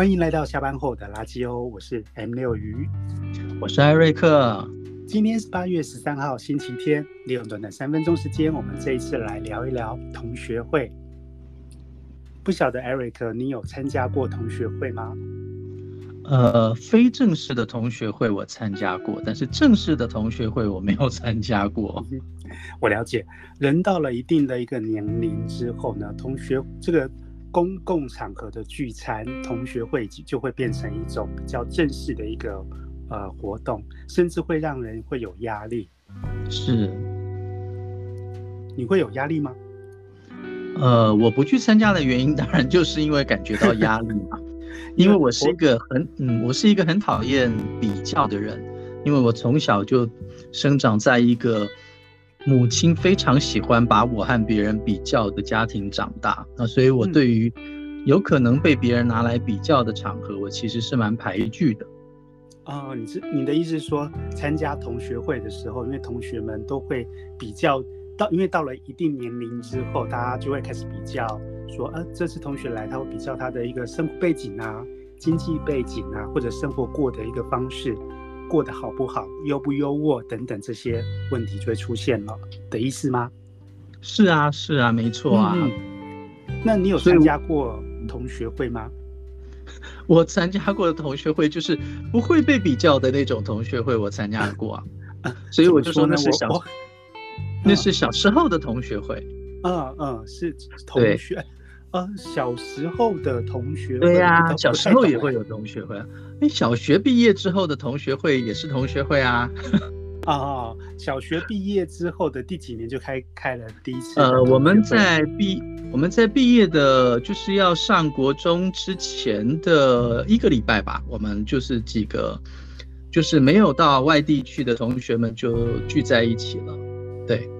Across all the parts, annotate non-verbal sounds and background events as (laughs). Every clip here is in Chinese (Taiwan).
歡迎來到下班後的拉基歐，我是 M 六魚，我是艾瑞克。今天是八月十三號，星期天。利用短短三分鐘時間，我們這一次來聊一聊同學會。不曉得艾瑞克，你有參加過同學會嗎？呃，非正式的同學會我參加過，但是正式的同學會我沒有參加過。我了解，人到了一定的一個年齡之後呢，同學這個。公共場合的聚餐、同學會就會變成一種比較正式的一個呃活動，甚至會讓人會有壓力。是，你會有壓力嗎？呃，我不去參加的原因，當然就是因為感覺到壓力嘛。 (laughs) 因為我是一個很嗯，我是一個很討厭比較的人，因為我從小就生長在一個。母親非常喜歡把我和別人比較的家庭長大，那所以我對於有可能被別人拿來比較的場合，嗯、我其實是蠻排拒的。哦，你是你的意思是說，參加同學會的時候，因為同學們都會比較，到因為到了一定年齡之後，大家就會開始比較，說，呃，這次同學來他，他會比較他的一個生活背景啊，經濟背景啊，或者生活過的一個方式。過得好不好，優不優渥等等這些問題就會出現了的意思嗎？是啊，是啊，沒錯啊。嗯嗯。那你有參加過同學會嗎？我參加過的同學會就是不會被比較的那種同學會，我參加過、啊。所以我就說那是小，那是小時候的同學會。嗯嗯、啊啊啊，是同學。啊、哦，小時候的同學會、啊、小時候也會有同學會、啊。哎、欸，小學畢業之後的同學會也是同學會啊。啊、 (laughs) 哦，小學畢業之後的第幾年就開開了第一次？呃，我們在畢我們在畢業的，就是要上國中之前的一個禮拜吧，我們就是幾個，就是沒有到外地去的同學們就聚在一起了。對。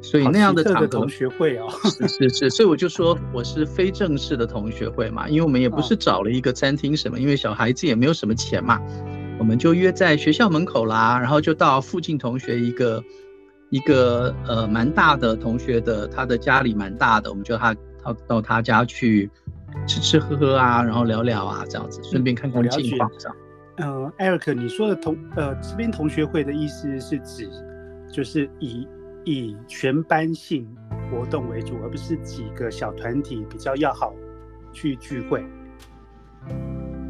所以那樣的，的同學會啊、哦，是是是， (laughs) 所以我就說我是非正式的同學會嘛，因為我們也不是找了一個餐廳什麼，因為小孩子也沒有什麼錢嘛，我們就約在學校門口啦，然後就到附近同學一個一個呃蠻大的同學的他的家裡蠻大的，我們就他他到他家去吃吃喝喝啊，然後聊聊啊這樣子，順便看看近況、嗯。呃，Eric，你說的同呃這邊同學會的意思是指就是以。以全班性活動為主，而不是幾個小團體比較要好去聚會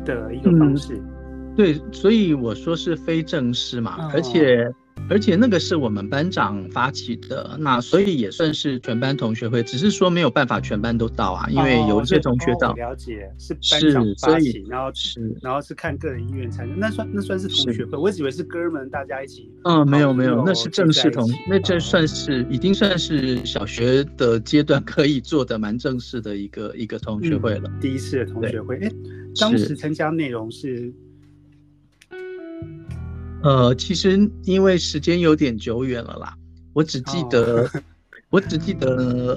的一個方式。嗯、對，所以我說是非正式嘛，哦、而且。而且那個是我們班長發起的，那所以也算是全班同學會，只是說沒有辦法全班都到啊，因為有一些同學到。哦、了解是班長發起，然後是然後是看個人意願參加，那算那算是同學會，是我以為是哥們大家一起。嗯、哦，後沒有沒有，那是正式同，那這算是、嗯、已經算是小學的階段可以做得蠻正式的一個一個同學會了、嗯。第一次的同學會，哎對，當時參加內容是。呃，其實因為時間有點久遠了啦，我只記得，oh. 我只記得，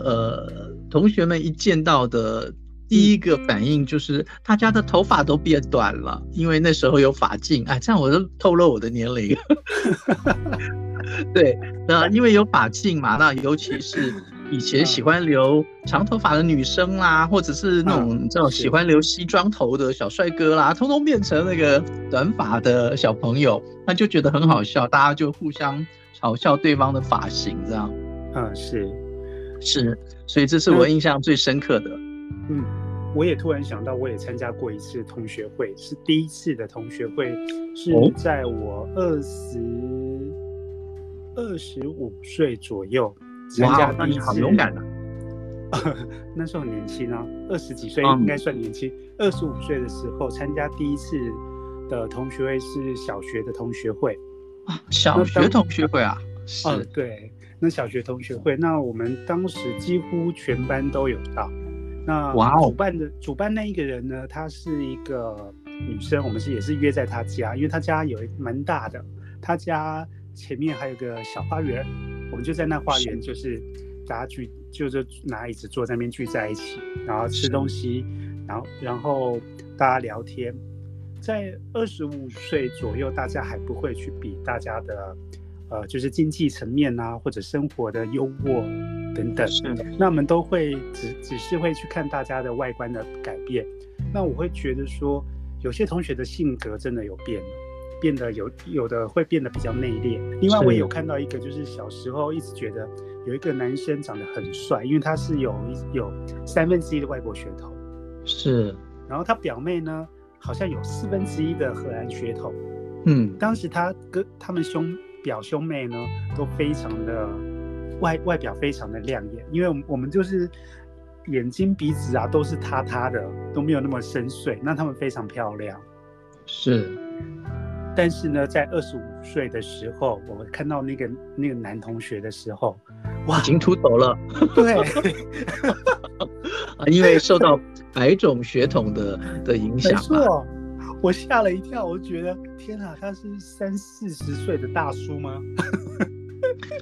呃，同學們一見到的第一個反應就是大家的頭髮都變短了，因為那時候有髮禁。哎，這樣我就透露我的年齡。 (laughs) 對，那、呃、因為有髮禁嘛，那尤其是。以前喜歡留長頭髮的女生啦，啊、或者是那種這種喜歡留西裝頭的小帥哥啦，啊、通通變成那個短髮的小朋友，嗯、那就覺得很好笑，大家就互相嘲笑對方的髮型，這樣。嗯、啊，是是，所以這是我印象最深刻的。啊、嗯，我也突然想到，我也參加過一次同學會，是第一次的同學會，是在我二十二十五歲左右。參加第一次那你好勇敢的、啊、 (laughs) 那時候很年輕啊，二十幾歲應該算年輕。二十五歲的時候參加第一次的同學會是小學的同學會啊，小學同學會啊，當是、哦，對，那小學同學會，那我們當時幾乎全班都有到。嗯、那主辦的主辦那一個人呢，她是一個女生，我們是也是約在她家，因為她家有蠻大的，她家前面還有個小花園。我們就在那花園，就是大家聚，就是拿椅子坐在那邊聚在一起，然後吃東西，然後然後大家聊天。在二十五歲左右，大家還不會去比大家的，呃，就是經濟層面啊，或者生活的優渥等等。那我們都會只只是會去看大家的外觀的改變。那我會覺得說，有些同學的性格真的有變了。變得有有的會變得比較內斂。另外，我也有看到一個，就是小時候一直覺得有一個男生長得很帥，因為他是有有三分之一的外國血統。是。然後他表妹呢，好像有四分之一的荷蘭血統。嗯。當時他跟他們兄表兄妹呢，都非常的外外表非常的亮眼，因為我們就是眼睛鼻子啊都是塌塌的，都沒有那麼深邃，那他們非常漂亮。是。但是呢，在二十五歲的時候，我看到那個那個男同學的時候，哇，已經禿頭了，對， (laughs) (laughs) 因為受到白種血統的的影響、啊、沒錯，我嚇了一跳，我覺得天哪、啊，他是三四十歲的大叔嗎？ (laughs)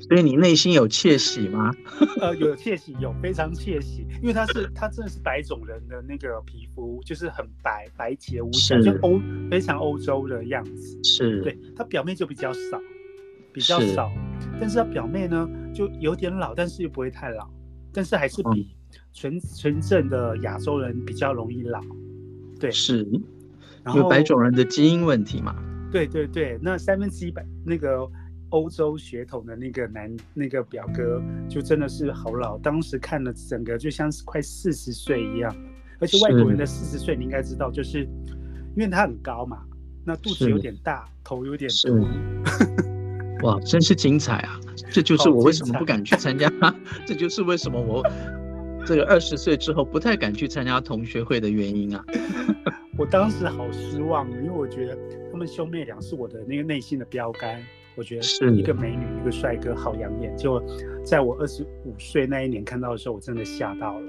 所以你內心有竊喜嗎？ (laughs) 呃，有竊喜，有非常竊喜，因為他是，他真的是白種人的那個皮膚，就是很白白潔無瑕，是就歐，非常歐洲的樣子。是，對他表妹就比較少，比較少，是，但是他表妹呢就有點老，但是又不會太老，但是還是比純純、嗯、正的亞洲人比較容易老。對，是。有白種人的基因問題嘛？對對對，那三分之一白那個。歐洲血統的那個男那個表哥，就真的是好老，當時看了整個就像是快四十歲一樣。而且外國人的四十歲，你應該知道，就是，是因為他很高嘛，那肚子有點大，是頭有點大。哇，真是精彩啊！ (laughs) 這就是我為什麼不敢去參加，精 (laughs) (laughs) 這就是為什麼我這個二十歲之後不太敢去參加同學會的原因啊！ (laughs) 我當時好失望，因為我覺得他們兄妹倆是我的那個內心的標杆。我覺得是一個美女，是一個帥哥，好養眼。結果在我二十五歲那一年看到的時候，我真的嚇到了。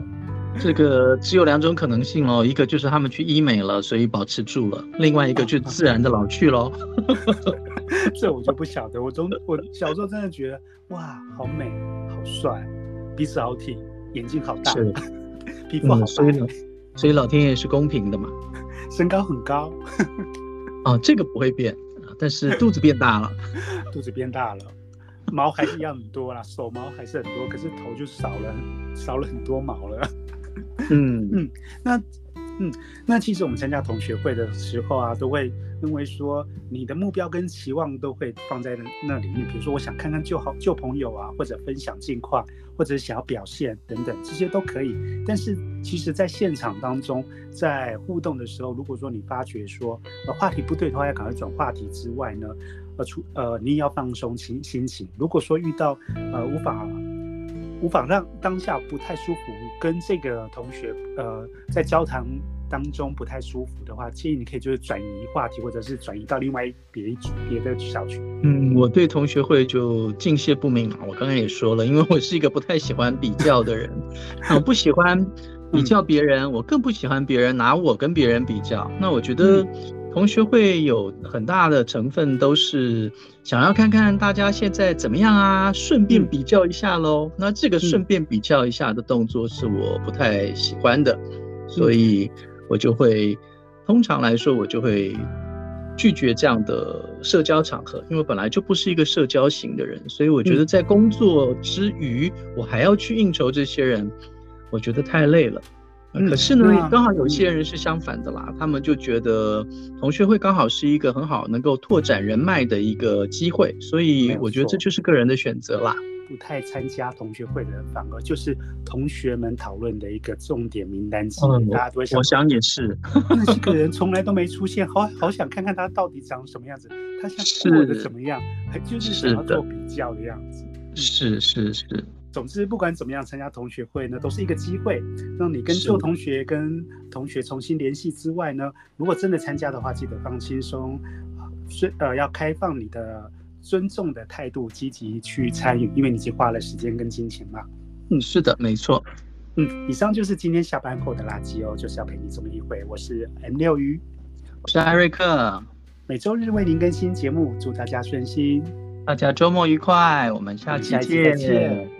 這個只有兩種可能性哦：一個就是他們去醫美了，所以保持住了；另外一個就自然的老去嘍。 (laughs) (laughs) (laughs) 這我就不曉得。我從我小時候真的覺得，哇，好美，好帥，鼻子好挺，眼睛好大，是 (laughs) 皮膚好白。嗯，所以，所以老天爺是公平的嘛。身高很高。 (laughs) 哦，這個不會變。但是肚子變大了， (laughs) 肚子變大了，毛還是一樣很多啦， (laughs) 手毛還是很多，可是頭就少了，少了很多毛了。嗯 (laughs) 嗯，那。嗯，那其實我們參加同學會的時候啊，都會認為說，你的目標跟期望，都會放在那那裡面。比如說，我想看看舊好舊朋友啊，或者分享近況，或者想要表現等等，這些都可以。但是，其實，在現場當中，在互動的時候，如果說你發覺說呃話題不對的話，要趕快轉話題之外呢，呃，呃你也要放鬆心心情。如果說遇到呃無法。無法讓當下不太舒服，跟這個同學呃在交談當中不太舒服的話，建議你可以就是轉移話題，或者是轉移到另外別別的小區。嗯，我對同學會就敬謝不敏嘛、啊。我剛剛也說了，因為我是一個不太喜歡比較的人， (laughs) 我不喜歡比較別人，嗯、我更不喜歡別人拿我跟別人比較。那我覺得、嗯。同學會有很大的成分，都是想要看看大家現在怎麼樣啊，順便比較一下嘍。那這個順便比較一下的動作是我不太喜歡的，嗯、所以我就會，通常來說我就會拒絕這樣的社交場合，因為本來就不是一個社交型的人，所以我覺得在工作之餘、嗯、我還要去應酬這些人，我覺得太累了。嗯、可是呢，剛那好有一些人是相反的啦，嗯、他們就覺得同學會剛好是一個很好能夠拓展人脈的一個機會，嗯、所以我覺得這就是個人的選擇啦。不太參加同學會的人，反而就是同學們討論的一個重點名單之、嗯、大家都會想，我，我想也是， (laughs) 那些個人從來都沒出現，好好想看看他到底長什麼樣子，他現在過得怎麼樣，是還就是想要做比較的樣子。是，的嗯、是是是。總之，不管怎麼樣，參加同學會呢，都是一個機會讓你跟舊同學、跟同學重新聯繫之外呢，的如果真的參加的話，記得放輕鬆，尊呃要開放你的尊重的態度，積極去參與，因為你已經花了時間跟金錢嘛。嗯，是的，沒錯。嗯，以上就是今天下班後的拉基歐，就是要陪你這麼一會兒。我是 M 六魚，我是艾瑞克，每週日為您更新節目，祝大家順心，大家週末愉快，我們下期見。嗯，再見。再見。